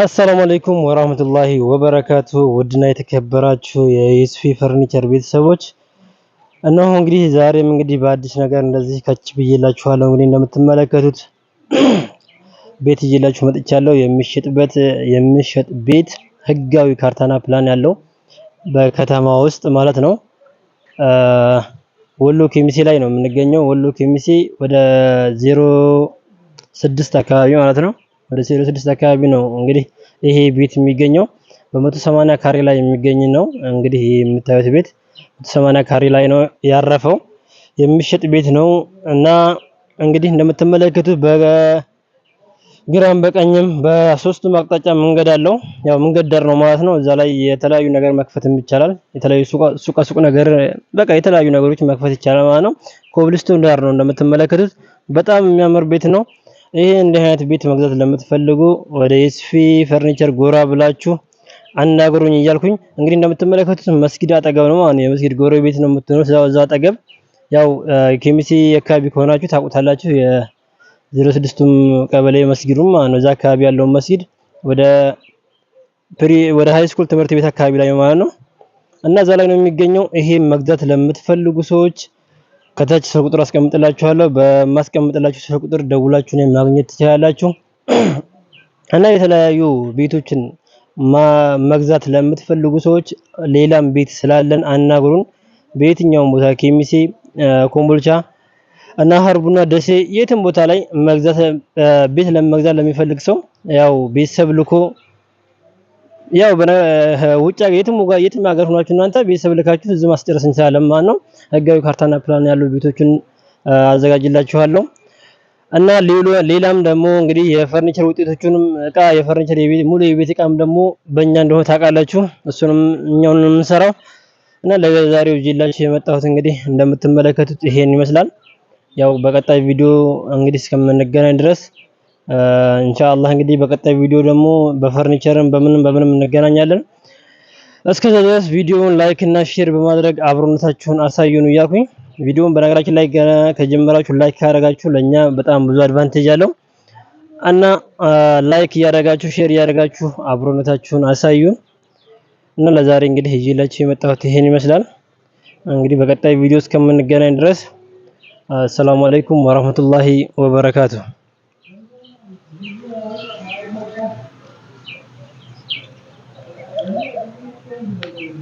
አሰላሙ አለይኩም ወራህመቱላሂ ወበረካቱ። ውድና የተከበራችሁ የዩስፊ ፈርኒቸር ቤተሰቦች እነሆ እንግዲህ ዛሬም እንግዲህ በአዲስ ነገር እንደዚህ ከች ብዬላችኋለሁ። እንግዲህ እንደምትመለከቱት ቤት ይዤላችሁ መጥቻለሁ። የሚሸጥበት የሚሸጥ ቤት ህጋዊ ካርታና ፕላን ያለው በከተማ ውስጥ ማለት ነው። ወሎ ኬሚሴ ላይ ነው የምንገኘው። ወሎ ኬሚሴ ወደ ዜሮ ስድስት አካባቢ ማለት ነው። ወደ 06 አካባቢ ነው እንግዲህ ይሄ ቤት የሚገኘው በመቶ ሰማንያ ካሬ ላይ የሚገኝ ነው። እንግዲህ ይሄ የምታዩት ቤት መቶ ሰማንያ ካሬ ላይ ነው ያረፈው የሚሸጥ ቤት ነው እና እንግዲህ እንደምትመለከቱት በግራም በቀኝም በሶስቱም አቅጣጫ መንገድ አለው። ያው መንገድ ዳር ነው ማለት ነው። እዛ ላይ የተለያዩ ነገር መክፈትም ይቻላል። የተለያዩ ሱቃ ሱቅ ነገር በቃ የተለያዩ ነገሮች መክፈት ይቻላል ማለት ነው። ኮብልስቶን ዳር ነው እንደምትመለከቱት በጣም የሚያምር ቤት ነው። ይህ እንዲህ አይነት ቤት መግዛት ለምትፈልጉ ወደ ኤስፊ ፈርኒቸር ጎራ ብላችሁ አናገሩኝ እያልኩኝ እንግዲህ እንደምትመለከቱት መስጊድ አጠገብ ነው ማለት ነው። የመስጊድ ቤት ነው የምትኖር እዛ አጠገብ ያው ኬሚሴ አካባቢ ከሆናችሁ ታውቁታላችሁ። የዜሮ ስድስቱም ቀበሌ መስጊዱም ማለት ነው። እዛ አካባቢ ያለውን መስጊድ ወደ ፕሪ ወደ ሃይ ስኩል ትምህርት ቤት አካባቢ ላይ ማለት ነው እና እዛ ላይ ነው የሚገኘው። ይሄ መግዛት ለምትፈልጉ ሰዎች ከታች ስልክ ቁጥር አስቀምጥላችኋለሁ። በማስቀምጥላችሁ ስልክ ቁጥር ደውላችሁ እኔን ማግኘት ትችላላችሁ። እና የተለያዩ ቤቶችን መግዛት ለምትፈልጉ ሰዎች ሌላም ቤት ስላለን አናግሩን። በየትኛውም ቦታ ኬሚሴ፣ ኮምቦልቻ እና ሀርቡና ደሴ የትም ቦታ ላይ መግዛት ቤት ለመግዛት ለሚፈልግ ሰው ያው ቤተሰብ ልኮ ያው ውጭ ሀገር የትም የትም ሀገር ሆናችሁ እናንተ ቤተሰብ ልካችሁ እዚህ ማስጨረስ እንችላለን ማለት ነው። ህጋዊ ካርታና ፕላን ያለው ቤቶችን አዘጋጅላችኋለሁ እና ሌላም ደግሞ እንግዲህ የፈርኒቸር ውጤቶቹንም እቃ የፈርኒቸር የቤት ሙሉ የቤት እቃም ደግሞ በእኛ እንደሆነ ታውቃላችሁ። እሱንም እኛውን የምንሰራው እና ለዛሬው ጅላችሁ የመጣሁት እንግዲህ እንደምትመለከቱት ይሄን ይመስላል። ያው በቀጣይ ቪዲዮ እንግዲህ እስከምንገናኝ ድረስ ኢንሻአላህ እንግዲህ በቀጣይ ቪዲዮ ደግሞ በፈርኒቸርም በምንም በምንም እንገናኛለን። እስከዛ ድረስ ቪዲዮውን ላይክ እና ሼር በማድረግ አብሮነታችሁን አሳዩን እያልኩኝ ቪዲዮውን በነገራችን ላይ ገና ከጀመራችሁ ላይክ ካደረጋችሁ ለእኛ በጣም ብዙ አድቫንቴጅ አለው እና ላይክ እያደረጋችሁ ሼር እያደረጋችሁ አብሮነታችሁን አሳዩን እና ለዛሬ እንግዲህ ይዤላችሁ የመጣሁት ይሄን ይመስላል። እንግዲህ በቀጣይ ቪዲዮ እስከምንገናኝ ድረስ አሰላሙ አለይኩም ወራህመቱላሂ ወበረካቱ። Thank you.